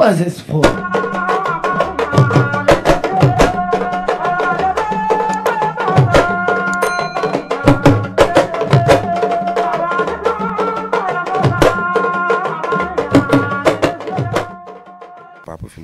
trois fi mu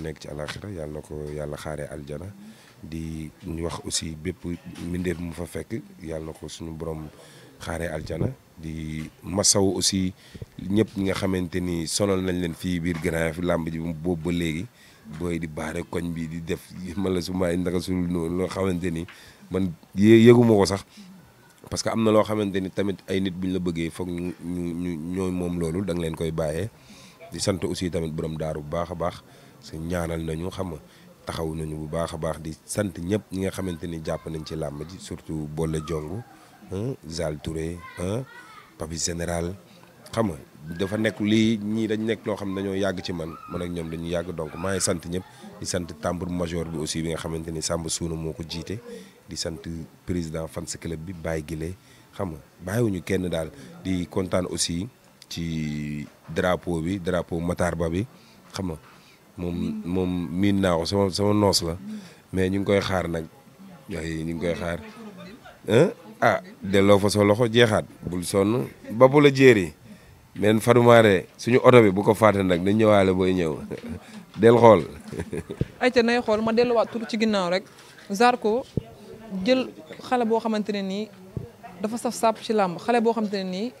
nekk ci àlaxira yàlla na ko yàlla xaaree aljana di ñu wax aussi bépp mbindeef mu fa fekk yàlla na ko suñu borom. xaaree aljana di masaw aussi ñëpp ñi nga xamante ni sonal nañ leen fii biir Grand fi làmb ji boobu ba léegi booy di baare koñ bi di def man la su maay ndaka noonu loo xamante ni man yëguma ko sax parce que am na loo xamante ni tamit ay nit buñ la bëggee foog ñu ñu ñooy moom loolu da nga leen koy bàyyee di sant aussi tamit borom daaru bu baax a baax su ñaanal nañu xam taxaw nañu bu baax a baax di sant ñëpp ñi nga xamante ni jàpp nañ ci làmb ji surtout boole jong Zal Touré Papis Général xam nga dafa nekk lii ñii dañ nekk loo xam ne dañoo yàgg ci man man ak ñoom dañu yàgg donc maa ngi sant ñëpp di sant tambour major bi aussi bi nga xamante ni Samba Suuna moo ko jiite di sant président fans club bi Baye gile xam nga bàyyiwuñu kenn daal di kontaan aussi ci drapeau bi drapeau Matar Ba bi xam nga moom moom miin naa ko sama noos la mais ñu ngi koy xaar nag waaye ñu ngi koy xaar. ah delloo fa sa loxo jeexaat bul sonn ba bu la jéeri men fadumaare suñu oto bi bu ko fàtte nag dañ ñëwaale booy ñëw del xool ayca nay xool ma delluwaat tur ci ginnaaw rek Zarko jël xale boo xamante ne nii dafa saf sàpp ci làmb xale boo xamante ne nii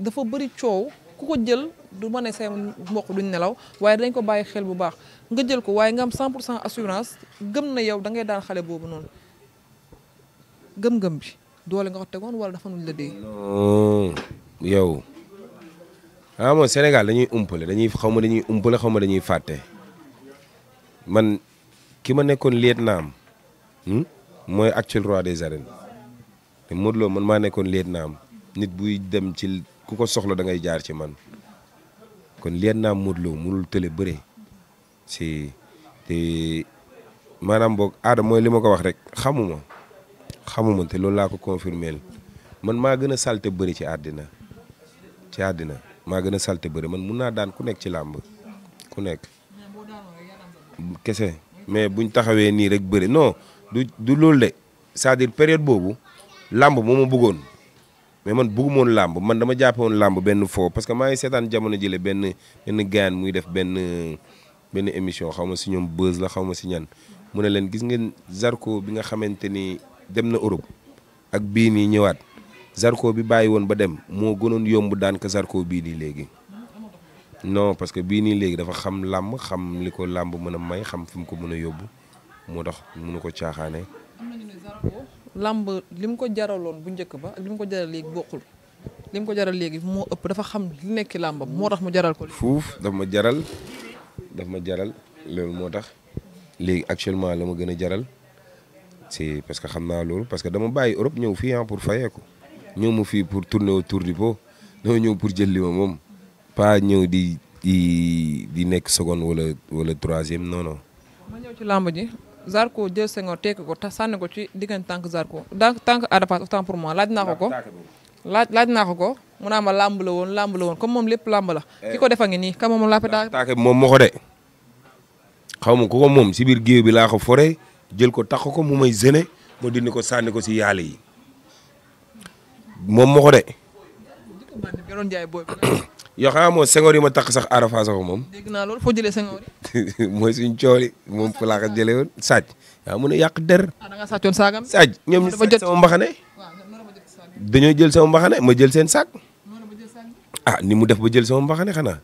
dafa bëri coow ku ko jël du ma ne say mbokk duñ nelaw waaye dañ ko bàyyi xel bu baax nga jël ko waaye nga am 100 pour cent assurance gëm na yow da ngay daan xale boobu noonu gëm-gëm bi doole nga ko tegoon wala dafa nuñ la dee. non hmm, yow ah dañuy umpale dañuy xaw ma dañuy umpale xaw ma dañuy fàtte man ki ma nekkoon lieutenant am hmm, mooy actuel roi des arènes te Modou Lo man maa nekkoon lieutenant am nit buy dem ci ku ko soxla da ngay jaar ci man kon lieutenant Modou Lo mënul tële bëre si te maanaam boog aada mooy li ma ko wax rek xamuma ma te loolu laa ko la man maa gën a salte bëri ci àddina ci àddina maa gën a salte bëri man mun naa daan ku nekk ci làmb ku nekk kese mais buñ taxawee nii rek bëri non du du loolu de cest à période boobu làmb moo ma bëggoon mais man bëggumoon làmb man dama jàppe woon làmb benn foo parce que maa ngi seetaan jamono jële benn benn gaan muy def benn benn émission xaw ma si ñoom buzz la xaw ma si ñan mu ne leen gis ngeen Zarko bi nga xamante ni dem na Europe ak bii nii ñëwaat sarko bi bàyyi woon ba dem moo gënoon yomb daan ka Zarko bii nii léegi non parce que bii nii léegi dafa xam làmb xam li ko làmb mën a may xam fi mu ko mën a yóbbu moo tax mënu ko caaxaane làmb li ko jaraloon bu njëkk ba ak ko jaral léegi bokkul li ko jaral léegi moo ëpp dafa xam nekk ci moo tax mu jaral ko. fuuf daf ma jaral daf ma jaral loolu moo tax léegi actuellement la ma gën a jaral. si parce que xam naa loolu parce que dama bàyyi Europe ñëw fii ah pour fayeeku ñëw mu fii pour tourner autour du pot dama ñëw pour jël li ma moom pas ñow di di di nekk seconde wala wala troisième non non. ma ñëw ci làmb ji Zarko jël Senghor tekki ko ta sànni ko ci diggante tànk Zarko donc tànk Ada Fass autant pour moi laaj naa ko ko. laaj laaj naa ko ko mu naa ma làmb la woon làmb comme moom lépp làmb la. ki defa ngi nii ka moom laa fi de xaw ma ku ko moom si biir géew bi laa ko jël ko tax ko mu may gêné moo dindi ko sànni ko si yàlla yi moom moo ko de. yoo xam moom sengoor yi ma takk sax arafa sax moom. naa loolu foo jëlee sengoor yi. mooy suñu cooli moom fa laa ko jëlee woon mun a yàq der. ah da nga sàccoon saagam. ñoom ñu sàcc sama mbaxane. jël sama mbaxane ma jël seen saag. ah ni mu def ba jël sama mbaxane xanaa.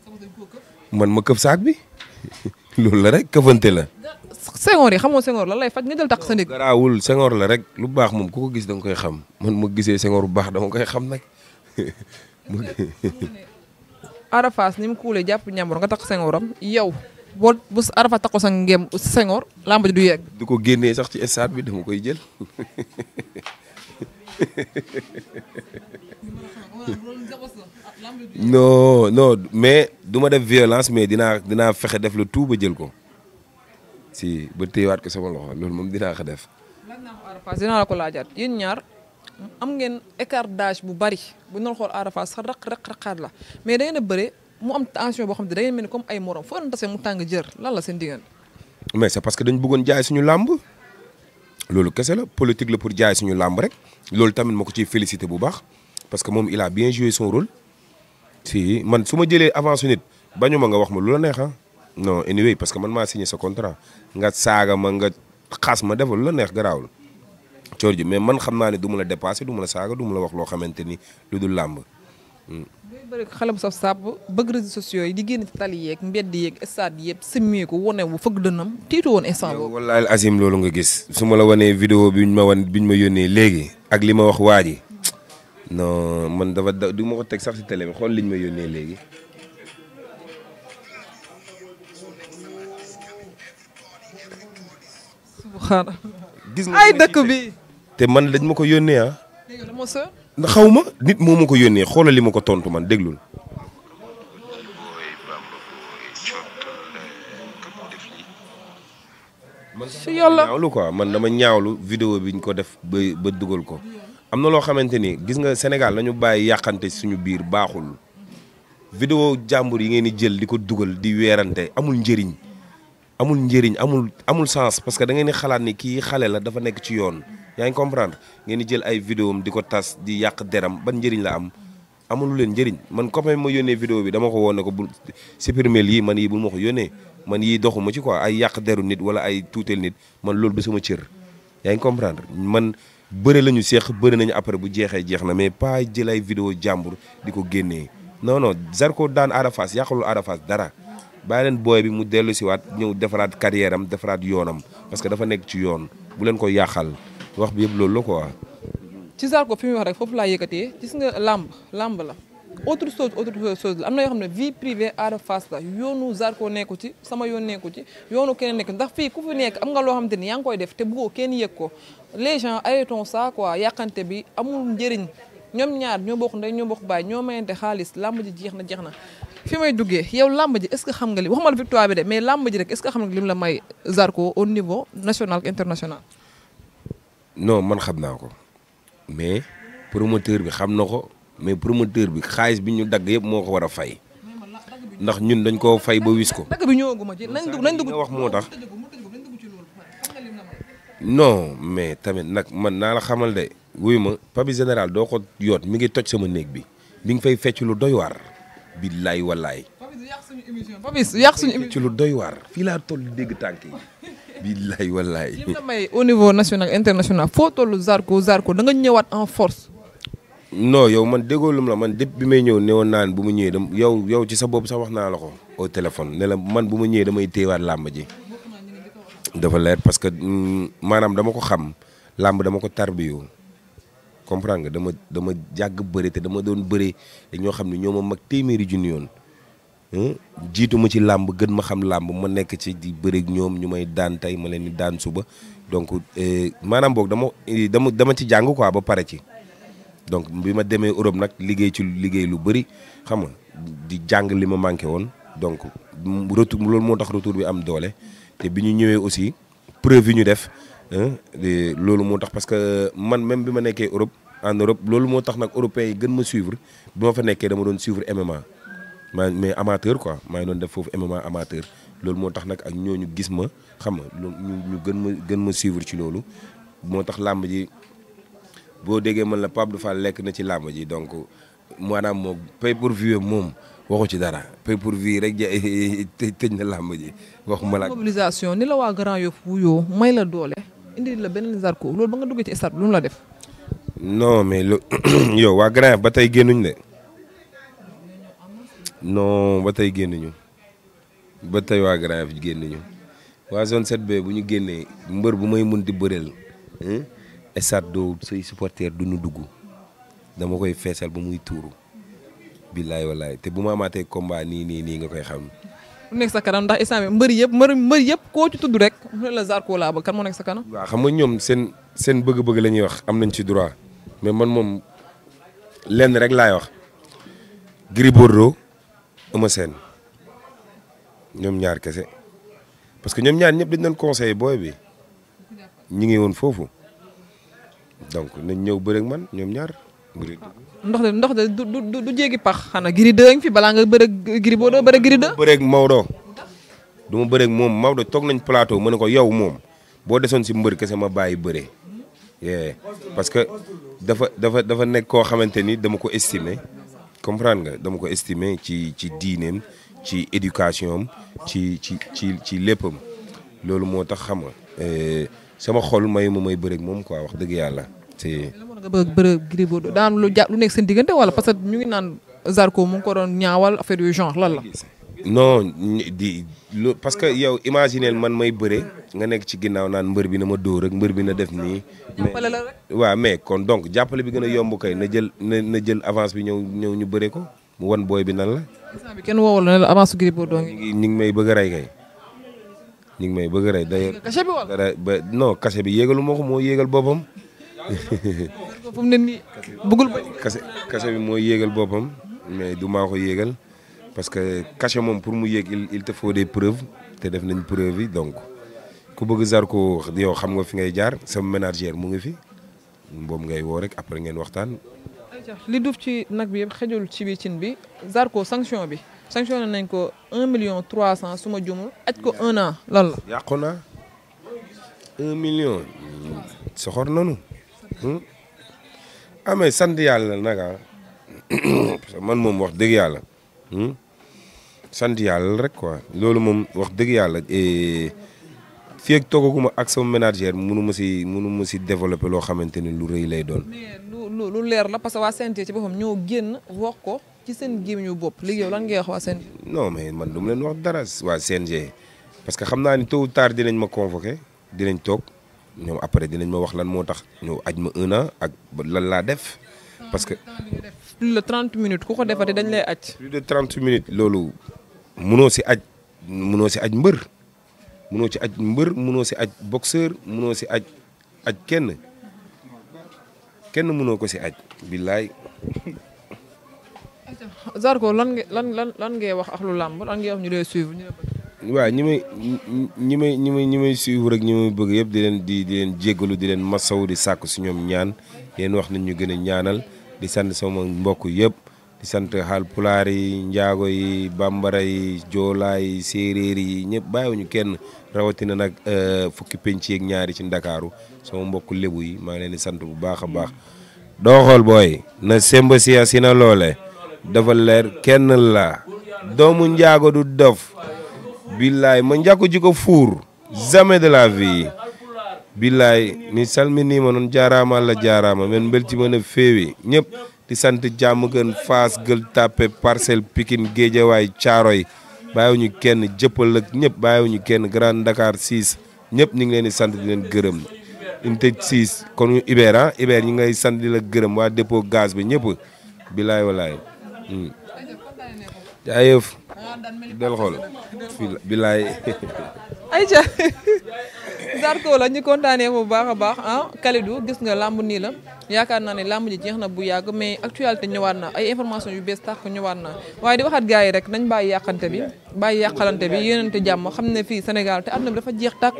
man ma këf saag bi loolu la rek këfante la. Senghor yi xamoo Senghor la lay faj nga jël takk sa ndig garaawul Senghor la rek lu baax moom ko ko gis danga koy xam man ma gisee Senghor bu baax dama koy xam nag. Ada Fass ni jàpp ñàmbur nga takk Senghoram yow boo bu Ada Fass takkoo sa ngeem du yegg. du ko génnee sax ci stade bi dama koy jël. non non mais duma def violence mais dinaa dinaa fexe def le tout ba jël ko. si ba téyewaat ko sama loxo loolu moom dinaa ko def. lan naa ko Arafaas dinaa la ko laajaat yéen ñaar am ngeen écart d'âge bu bari bu ñu xool Arafaas sax raq raq raqaat la mais da ngeen a bëre mu am tension boo xam te da mel ni comme ay morom foo mu tàng jër lan la seen diggante. mais c'est parce que dañu bëggoon jaay suñu làmb loolu kese la politique la pour jaay suñu làmb rek loolu tamit ma ko ciy félicité bu baax parce que moom il bien joué son rôle si man su ma jëlee avance nit bañu ma nga wax ma lu la ah. non anyway parce que man maa signé sa contrat nga saaga ma nga xas ma defal la neex garaawul coor ji mais man xam naa ne du ma la dépassé du ma la saaga du la wax loo xamante ni lu dul làmb. muy hmm. bëri xale bu saf sàpp bëgg réseaux sociaux yi di génn ci tali yeeg mbedd yeeg stade yëpp sëmmee ko wane wu fëgg dënam tiitu woon instant boobu. wallaahi Azim loolu nga gis su ma la wanee video bi ñu ma wan bi ñu ma yónnee léegi ak li ma wax waa ji non man dafa du ma ko teg sax si télé bi xool liñ ñu ma yónnee léegi. gis nga ay bi. te man lañ ma ko yónnee ah. ma nit moo ma ko yónnee xoolal li ma ko tontu man déglul. man ñaawlu quoi man dama ñaawlu video bi ñu ko def ba ba dugal ko am na loo xamante ni gis nga Sénégal nañu bàyyi yàqante suñu biir baaxul vidéo jàmbur yi ngeen di jël di ko dugal di weerante amul njëriñ amul njëriñ amul amul sens parce que da ngeen di xalaat ni kii xale la dafa nekk ci yoon yaa ngi comprendre ngeen jël ay vidéo am di ko tas di yàq deram ba njëriñ la am amul lu leen njëriñ man copain ma yónnee vidéo bi dama ko woon ko bu supprimer yii man yi bu ma ko yónnee man yii doxuma ci quoi ay yàq deru nit wala ay tuuteel nit man loolu ba sama cër yaa ngi comprendre man bëre la ñu seex bëre nañu après bu jeexee jeex na mais pas jël ay vidéo jàmbur di ko génnee non non daan Ada Fass yàqalul Ada dara bàyyi leen booy bi mu dellu si waat ñëw defaraat carrière am defaraat yoonam parce que dafa nekk ci yoon bu leen ko yàqal wax bi yëpp loolu la quoi. ci Zarko fi muy wax rek foofu laa yëkkatee gis nga làmb làmb la autre chose autre na yoo xam ne vie privée Ada Fass la yoonu nekku ci sama yoon nekku ci yoonu keneen nekku ndax fii ku fi nekk am nga loo xamante ni yaa ngi koy def te bëggoo kenn yëg ko les gens arrêtons ça quoi bi amul njëriñ ñoom ñaar ñoo bokk ndey ñoo bokk baay ñoo mayante xaalis làmb ji jeex na jeex na fi may duggee yow làmb ji est-ce que xam nga li waxuma la victoire bi de mais làmb ji rek est-ce que xam au niveau national international. non man xam naa ko mais promoteur bi xam na ko mais promoteur bi xaalis bi ñu dagg yëpp moo ko war a fay ndax ñun dañ koo fay ba wis ko. dagg bi ñëwaguma ci nañ dugg nañ dugg wax moo tax. no mais tamit nag man naa la xamal de wuyu ma papi général doo ko yoot mi ngi toj sama néeg bi li ngi fay fecc lu doy waar. billaay wallaay. Papis yàq suñu émission ci lu doy waar fii laa toll dégg tànk yi. billaay wallaay. au niveau national international foo toll Zarko Zarko da nga ñëwaat en force. non yow man déggoo lum la man dépp bi may ñëw ne woon naan bu ma ñëwee dama yow yow ci sa bopp sax wax naa la ko au téléphone ne man bu ma ñëwee damay téewaat làmb ji. dafa leer parce que mm, maanaam dama ko xam làmb dama ko tarbiyu comprendre nga dama dama jàgg bëri te dama doon bëri ñoo xam ne ñoo ma mag téeméeri junni yoon jiituma ci làmb gën ma xam làmb ma nekk ci di bëri ñoom ñu may daan tey ma leen di daan suba donc eh, maanaam boog dama dama dama ci jàng quoi ba pare ci donc bi ma demee Europe nag liggéey ci liggéey lu bëri xam nga di jàng li ma manqué woon donc retour loolu moo tax retour bi am doole te bi ñu ñëwee aussi preuve yi ñu def loolu moo tax parce que man même bi ma nekkee Europe en Europe loolu moo tax nag européens yi gën ma suivre bi ma fa nekkee dama doon suivre MMA maa mais amateur quoi maa ngi doon def foofu MMA amateur loolu moo tax nag ak ñooñu gis ma xam nga ñu gën ma gën ma suivre ci loolu moo tax làmb ji boo déggee ma la Pape Dou Fall lekk na ci làmb ji donc maanaam moo pay pour view moom waxu ci dara pay pour view rek ja tëj na làmb ji waxuma la mobilisation ni la waa Grand Yoff wuyoo may la doole indi la benn Zarko loolu ba nga duggee ci stade bi lu mu la def. non mais lu waa Grand ba tey génnuñ de no ba tey génnuñu ba tey waa Grand génnuñu waa zone 7B bu ñu génnee mbër bu may mun di bëreel stade doo say supporter du ñu dugg dama koy feesal ba muy tuuru billaay wallaay te bu ma amaatee combat nii nii nii nga koy xam. mu nekk sa kanam ndax instant bi mbër yëpp mbër mbër yëpp koo ci tudd rek mu ne la Zarko laa bëgg moo nekk sa kanam. waaw xam nga ñoom seen seen bëgg-bëgg la ñuy wax am nañ ci droit mais man moom lenn rek laay wax Gris Bordeaux ama seen ñoom ñaar kese parce que ñoom ñaar ñëpp dañ doon conseillé booy bi ñi ngi woon foofu donc na ñëw bëre ak man ñoom ñaar. ndox de ndox de du du du jéggi pax xanaa giri dëng fi balaa nga bëre giri boo doo bëre giri dë. bëreeg Maodo du ma moom Maodo toog nañ plateau ma ne ko yow moom boo desoon si mbër kese ma bàyyi bëre. parce que dafa dafa dafa nekk koo xamante ni dama ko estimer comprendre nga dama ko estimer ci ci diineem ci éducation am ci ci ci ci léppam loolu moo tax xam nga. Eh, sama xol may ma may bëreeg moom quoi wax dëgg yàlla. si nga bëgg bëre lu ja nekk seen diggante wala parce que ñu ngi naan Zarko mu ngi ko doon ñaawal affaire yu genre lan la. non di lu parce que yow imagineel man may bëre nga nekk ci ginnaaw naan mbër bi na ma dóor rek mbër bi na def nii. jàppale la mais kon donc jàppale bi gën a yomb kay na jël na jël avance bi ñëw ñëw ñu bëre ko mu wan booy bi nan la. kenn woowal na la avance Gris Bordeaux ñu ngi ñu may bëgg a rey kay. ñu ngi may bëgg a rey d'ailleurs. cachet bi wala moo ko moo yéegal boppam. fu mu ne nii bëggul ba. kase kase bi mooy yéegal boppam mais du maa ko parce que cachet moom pour mu yéeg il il te faut des preuves te def nañ preuve yi donc ku bëgg Zarko yow xam nga fi ngay jaar sama ménagère mu ngi fi boobu ngay woo rek après ngeen waxtaan. li duuf ci nag bi yëpp xejul ci bi cin bi Zarko sanction bi sanctionné nañ ko un million trois cent su ma jumul aj ko un an lan la. yàqu naa un million soxor nanu Hmm? ah mais sant yàlla nag ah. que man moom wax dëgg yàlla hmm? sant yàlla rek quoi loolu moom wax dëgg yàlla fii ak toogaguma ak sama ménagère mënu ma si mënu ma si développer loo xamante ni lu rëy lay doon. mais lu leer la parce que waa CNG ci boppam ñoo génn wax ko ci seen gémmiñu bopp léegi yow lan ngay wax waa CNG. non mais man du ma leen wax dara waa CNG parce que xam naa ni tôt ou tard dinañ ma convoqué dinañ toog. ñoom après dinañ ma wax lan moo tax ñu aj ma un an ak lan laa def parce que. plus de 30 minutes ku ko defati dañ lay aj. plus de 30 minutes loolu munoo si aj munoo si aj mbër munoo si aj mbër munoo si aj boxeur munoo si aj aj kenn kenn munoo ko si aj billaay. Zarko lan lan lan lan ngay wax ak lu làmb lan ngay wax ñu lay suivre waaw ñi may ñi may ñi may ñi may suivre rek ñi bëgg yëpp di leen di di leen di leen masaw di sàkku si ñoom ñaan leen wax nañ ñu gën a ñaanal di sant sama mbokk yëpp di sant xaal pulaar yi njaago yi bambara yi joolaa yi séeréer yi ñëpp bàyyiwuñu kenn rawatina nag euh, fukki penc yeeg ñaari ci ndakaaru sama mbokk lébu yi maa ngi leen di sant bu baax a baax dooxool booy na semba siya si na loole dafa leer kenn la doomu njaago du dof billaay ma njakko jiko fuur jamais de la vie billaay mi salminima noon jarama allah jarama min beltima no feewi ñëpp di sant jàmm gën fas gël tappe parcelle pikine géejawaay caaroy bàyyiwuñu kenn jëppal ak ñëpp bàyyiwuñu kenn Grand ndakaar 6 ñëpp ñu ngi leen di sant di leen gërëm unité 6 kon ñu Iber ah Iber ñu ngay sant di la gërëm waa dépôt gaz bi ñëpp bilaay walaay hmm. del xool bilaay ayca Zarko la ñu kontaanee bu baax a baax ah Kalidou gis nga làmb nii la yaakaar naa ne làmb ji jeex na bu yàgg mais te ñëwaat na ay information yu bees tax ñëwaat na waaye di waxaat gaa yi rek nañ bàyyi yàqante bi bàyyi yàqalante bi te jàmm xam ne fii Sénégal te àdduna bi dafa jeex tàkk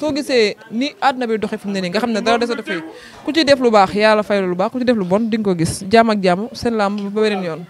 soo gisee ni àdduna bi doxe fi mu ne nii nga xam ne dara desatu fi ku ci def lu baax yàlla fay lu baax ku ci def lu bon di ko gis jàmm jàmm seen làmb ba beneen yoon.